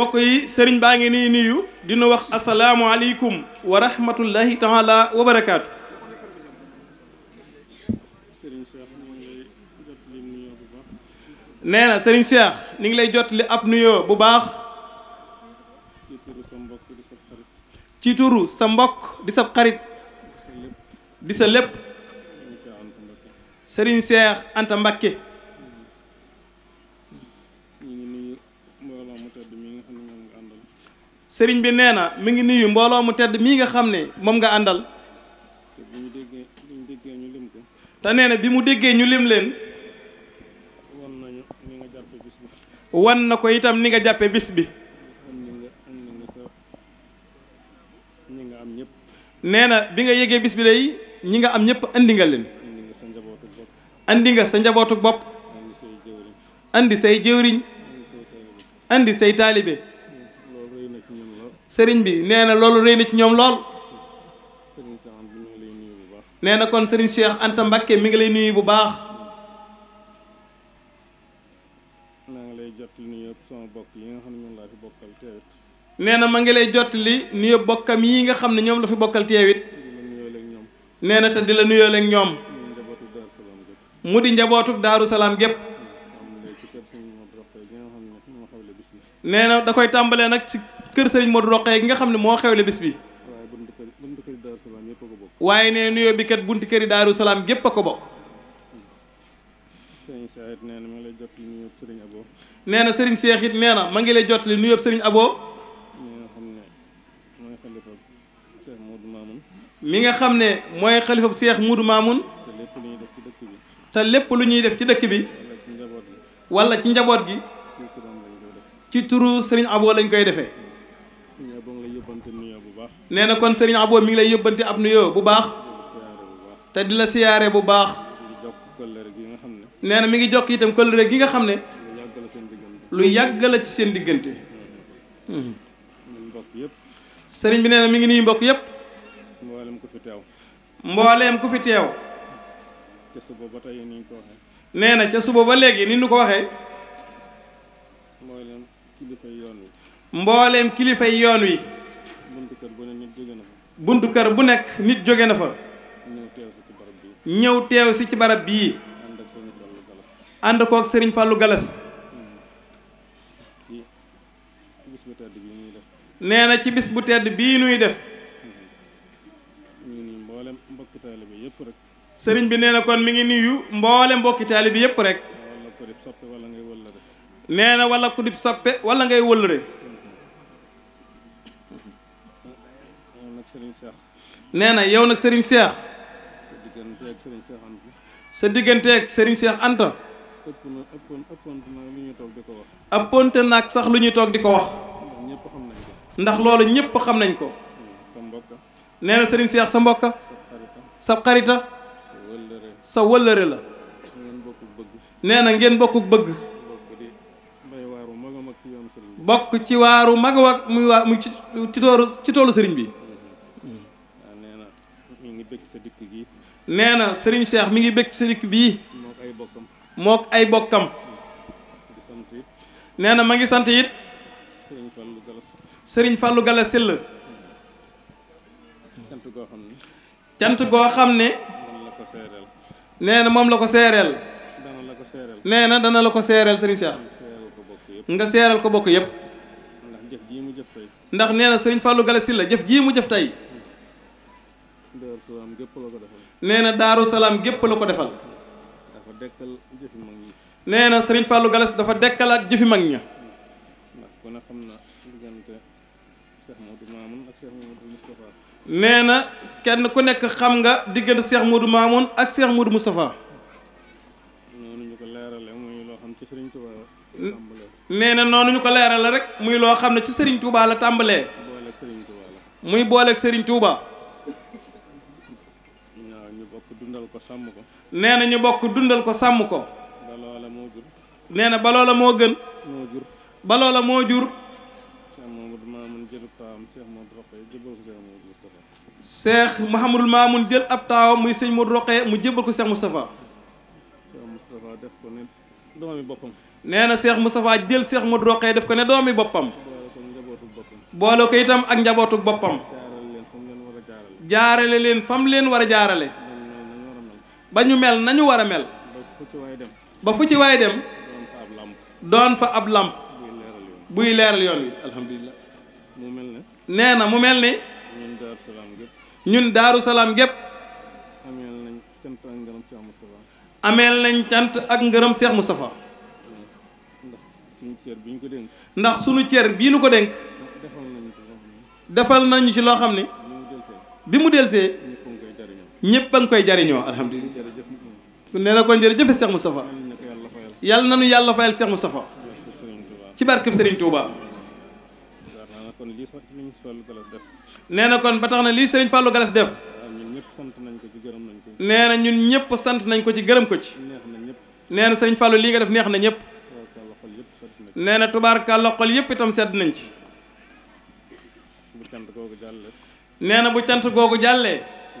bokk yi sëriñ baa ngi nii nuyu dina wax asalaamualeykum wa rahmatullahi taala wa barakaatu. nee na sëriñ Cheikh ni ngi lay jotli ab nuyoo bu baax. ci turu sa mbokk di sab xarit. di sa lépp. sëriñ Cheikh Anta Mbakke. sëriñ bi nee na mi ngi nuyu mbooloo mu tedd mii nga xam ne moom nga àndal te nee na bi mu déggee ñu lim leen wan na ko itam ni nga jàppe bis bi nee na bi nga yégee bis bi day ñi nga am ñëpp indi nga leen indi nga sa njabootu bopp andi say jëwriñ indi say taalibe sëriñ bi nee na loolu rëy na ñoom lool nee na kon sëriñ Cheikh Anta Mbakke mi ngi lay nuyu bu baax nee na ma ngi lay jot li nuyu bokkam yi nga xam ne ñoom dafa bokkal teewit nee na te di la nuyoole ak ñoom mu di njabootuk daaru salaam gépp nee da koy tàmbalee nag ci kër sëriñ Modou Rokhaya gi nga xam ne moo xewle bis bi waaye ne nuyoo bi kat bunti këri Daaru Salaam gépp a ko bokk nee na sëriñ seex it nee na ma ngi lay jottali nuyoo sëriñ Abo mi nga xam ne mooy xalifab Cheikh Moudou Mamoun te lépp lu ñuy def ci dëkk bi wala ci njaboot gi ci turu sëriñ Abo lañ koy defe nee na kon sëriñ Abo mi ngi lay yóbbante ab nuyoo bu baax te di la siyaare bu baax nee na mi ngi jokk itam kóllëre gi nga xam ne lu yàgg la ci seen diggante sëriñ bi nee na mi ngi nuyu mbokk yépp mbooleem ku fi teew mbooleem ku fi teew ca suba ba nee na ca suba ba léegi ni ñu ko waxee mbooleem kilifay yoon mbooleem kilifay yoon wi buntu kër bu nekk nit jóge na fa ñëw teew si ci barab bii ànd kook sëriñ Fallou Galas hmm. nee na ci bis bu tedd bii nuy def hmm. sëriñ bi nee na kon mi ngi nuyu mboole mbokki taalibe bi yépp rek nee na wala ku dib soppe wala ngay wëllëre nee na yow nag Serigne Cheikh. sa digganteeg Serigne Cheikh Anta. ëpp na ëppoon na lu ñuy toog di ko wax. ëppoonte sax lu ñuy toog di ko wax. ndax loolu ñëpp xam nañ ko. nee na Serigne Cheikh sa mbokka sa xarita sa wëllëre la nee na ngeen bokkuk bëgg bokk ci waaru mag a wag muy waa mu ci toolu ci toolu sëriñ bi mi ngi bëgg sa dikk gi nee na sëriñ Cheikh mi ngi bëgg sa dikk bii mook ay bokkam mook ay bokkam nee na ma ngi sant it sëriñ Fallou Gala sëriñ Fallou Gala Syll mm. cant goo xam ne cant goo xam ne nee na moom la ko seereel nee na dana la ko seereel sëriñ Cheikh nga seereel ko bokk yépp ndax jëf mu jëf ndax nee na sëriñ Fallou Gala Syll la jëf jii mu jëf tey nee na daaru salaam gépp la ko defal. dafa dekkal jëfi mag ñi. nee na Serigne Fallou Galass dafa dekkalaat jëfi mag ña. ndax ku nee na kenn ku nekk xam nga diggante Cheikh Modou Mamoun ak Cheikh Modou Moustapha. noonu ñu ko nee na noonu ñu ko leerale rek muy loo xam ne ci Serigne Touba la tàmbalee. muy booleeg sëriñ tuubaa sàmm ko nee na ñu bokk dundal ko sàmm ko ba loola moo jur nee na ba loola moo gën moo jur ba loola moo jur seex Mouhamadul Mamoun jël ab taawam muy sëñ Modou Roqee mu jébbal ko seex Moustapha. seex Moustapha def ko ne doomi nee na seex Moustapha jël seex Modou def ko ne doomi boppam. boole ko itam ak njabootu boppam. jaarale leen fam leen war a jaarale. ba ñu mel nañu war a mel ba fu ci waay dem doon fa ab làmp buy leeral yoon wi alhamdulilah nee na mu mel ni ñun daaru salaam gépp ameel nañ cant ak ngërëm Seex Moustapha ndax sunu cër bii nu ko dénk defal nañu ci loo xam ne bi mu delsee ñëpp a nga koy jariñoo alhamdulilah nee na ko jërëjëf Cheikh Moustapha yàlla na nu yàlla fayal Cheikh Moustapha ci barkeb Serigne Touba. nee na kon ba tax na lii Serigne Fallou Galas def nee na ñun ñëpp sant nañ ko ci gërëm ko ci nee na Serigne Fallou lii nga neex na ñëpp nee na tubaarka loqol yëpp sedd nañ ci nee na bu cant googu jàllee. sëriñ Seex wax nañu santal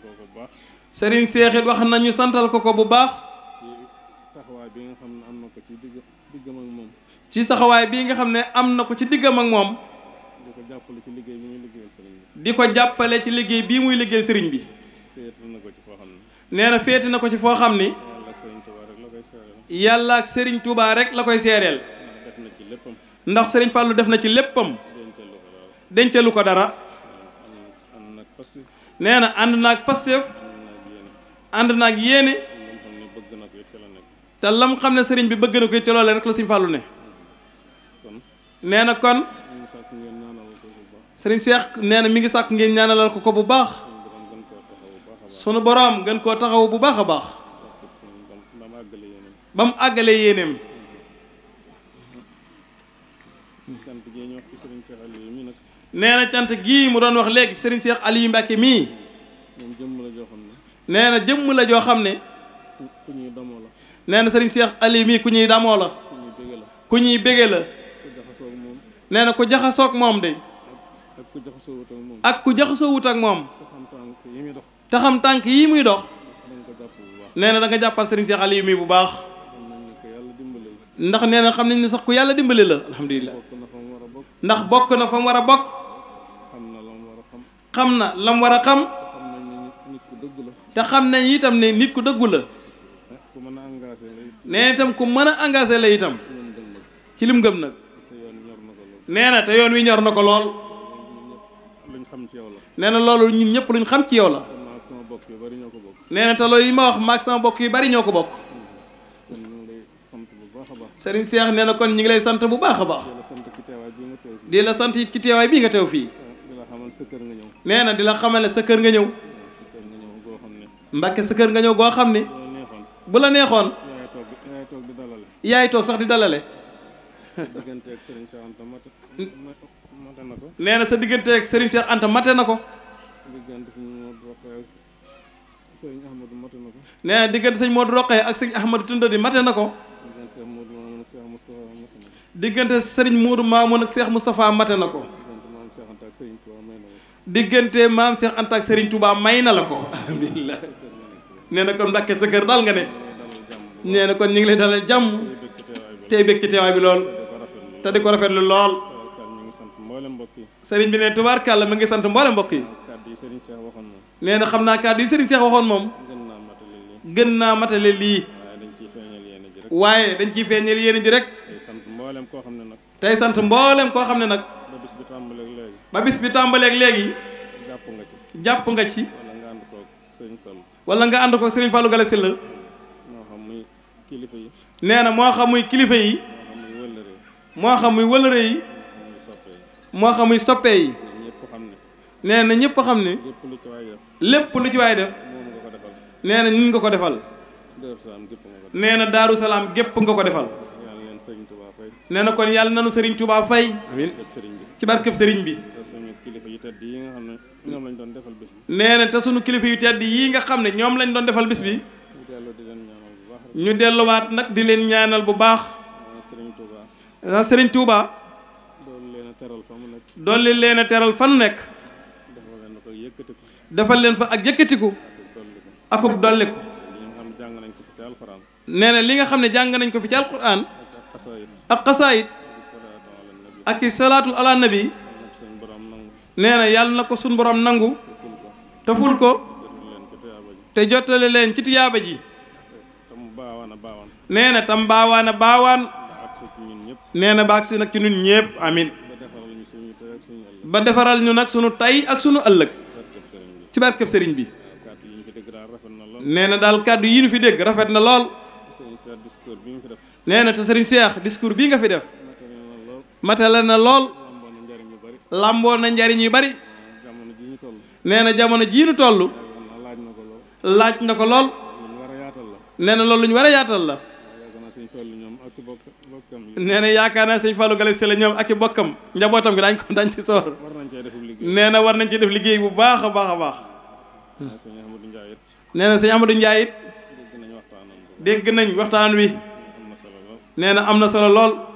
ko ko bu baax. sëriñ Seex wax nañu santal ko ko bu baax. ci taxawaay bi nga xam ne am na ko ci diggam ak moom. bi nga xam ne am na ko ci diggam ak moom. di ko jàppale ci liggéey bi muy liggéeyal sëriñ bi. di ko jàppale ci liggéey bii muy liggéey sëriñ bi. féete na ko ci foo xam ne. nee na ko ci foo xam ni. yàlla ak sëriñ Touba rek la koy seereel. ndax sëriñ Fallou def na ci léppam. dencalu ko dara. nee na ànd naag Pastef ànd naag yéene te lam xam ne sëriñ bi bëgg na ko ci loolee rek la Sëriñ Fàllu ne nee na kon sëriñ seex nee na mi ngi sàkk ngeen ñaanalal ko ko bu baax sunu boroom gën koo taxaw bu baax a baax ba mu àggale yéeneem cant gi nee na cant gii mu doon wax léegi Serigne ali yu Mbacke mii. moom jëmm la joo xam ne. nee na jëmm la joo xam ne. ñuy damoo la. nee na Serigne Cheikh Aliou mii ku ñuy damoo la. ku ñuy bége la. nee na ku jaxasoo ak moom de. ak ku jaxasoo wut ak moom. te xam tànk yi muy dox. nee na da nga jàppal Serigne Cheikh Aliou mii bu baax. ndax nee na xam nañ ne sax ku yàlla dimbale la alhamdulilah. ndax bokk na fa mu war a bokk. xam na lam war a xam te xam nañ itam ne nit ku dëggu la nee itam ku mën a engagé la itam ci lim gëm nag nee na te yoon wi ñor na ko lool nee na loolu ñun ñëpp luñ xam ci yow la nee na te loolu yi ma wax maag sama bokk yi bari ñoo ko bokk Serigne Cheikh nee na kon ñu ngi lay sant bu baax a baax di la sant ci teewaay bii nga teew fii sa kër nga na di la xamale sa kër nga ñëw. mbàkke sa kër nga ñëw goo xam ni. bu la neexoon. yaay toog sax di dalale. nee na sa diggante ak Serigne Anta mate na ko. nee na diggante sañ Modou Roqee ak sëñ Ahmadou Tunda di na ko. diggante Serigne Modou Mamoun ak Cheikh Moustapha mate na ko. diggante maam Cheikh Anta ak tubaab may na la ko alhamdulilah nee na kon Mbàkke sa kër nga ne nee na kon ñu ngi lay dalal jàmm tey bég ci teewaay bi lool te di ko rafetlu lool Serigne bi ne tubaarkàlla ma ngi sant mboole mbokk yi nee na xam naa kàddu yi Serigne Cheikh waxoon moom gën naa matale lii waaye dañ ciy feeñal yéen ji rek tey sant mboolem koo xam ne nag. ba bis bi tàmbaleek léegi. jàpp nga ci jàpp nga ci. wala nga ànd ko Serigne Fallou Galasse la. moo xam yi. nee na moo xam muy kilifa yi. moo xam muy wëlëre yi. moo xam muy soppe yi. nee na ñëpp xam ne. lépp lu ci waaye def. nee na ñun nga ko defal. nee na Daaru Salaam gépp nga ko defal. nee na kon yàlla nanu Serigne Touba fay. amiin ci barkeb Serigne bi. nee na te sunu kilifa yu tedd yii nga xam ne ñoom lañ doon defal bis bi ñu delluwaat nag di leen ñaanal bu baax ah Serigne Touba dolli leen a teral fan nekk defal leen fa ak yëkkatiku akub dolliku nee na li nga xam ne jàng nañ ko fi ci alquran ak xasaayit ak i salaatul ala nee na yàlla na ko suñ borom nangu te ful ko te jottale leen ci tiyaaba ji nee na tam baawaan a baawaan nee na baag si nag ci ñun ñépp amin ba defaral nu nag sunu tey ak sunu ëllëg ci barkeb sëriñ bi nee na daal kàddu yi ñu fi dégg rafet na lool nee na te sëriñ Cheikh bii nga fi def matale na lool lamboo na njariñ yu bari nee na jamono jii ñu toll laaj na ko lool nee na loolu lu ñu war a yaatal la nee na yaakaar naa sëñ Fallou Galasse la ñoom ak i bokkam njabootam gi daañ ko dañ ci soor nee na war nañ ci def liggéey bu baax a baax a baax nee na sëñ Amadou Ndiaye it dégg nañ waxtaan wi nee na am na solo lool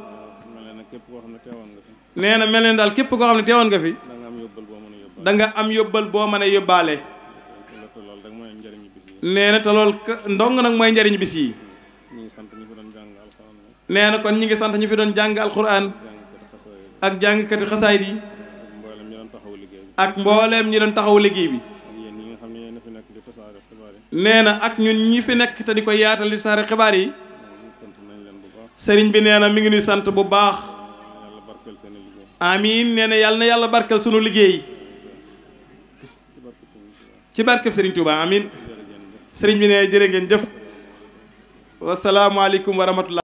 nee na mel ne daal képp koo xam ne teewoon nga fi da nga am yóbbal boo mën a yóbbaale nee na te lool ndong nag mooy njariñ bis yi nee na kon ñi ngi sant ñu fi doon jàng alxuraan ak jàngkati xasaayid yi ak mbooleem ñi doon taxaw liggéey bi nee na ak ñun ñi fi nekk te di ko yaatal di saare xibaar yi sëriñ bi nee na mi ngi nuy sant bu baax amiin nee na yàlla na yàlla barkal sunu liggéey ci barkeb sëriñ Touba amiin sëriñ bi ne jërë ngeen jëf wasalaamualeykum wa rahmatullah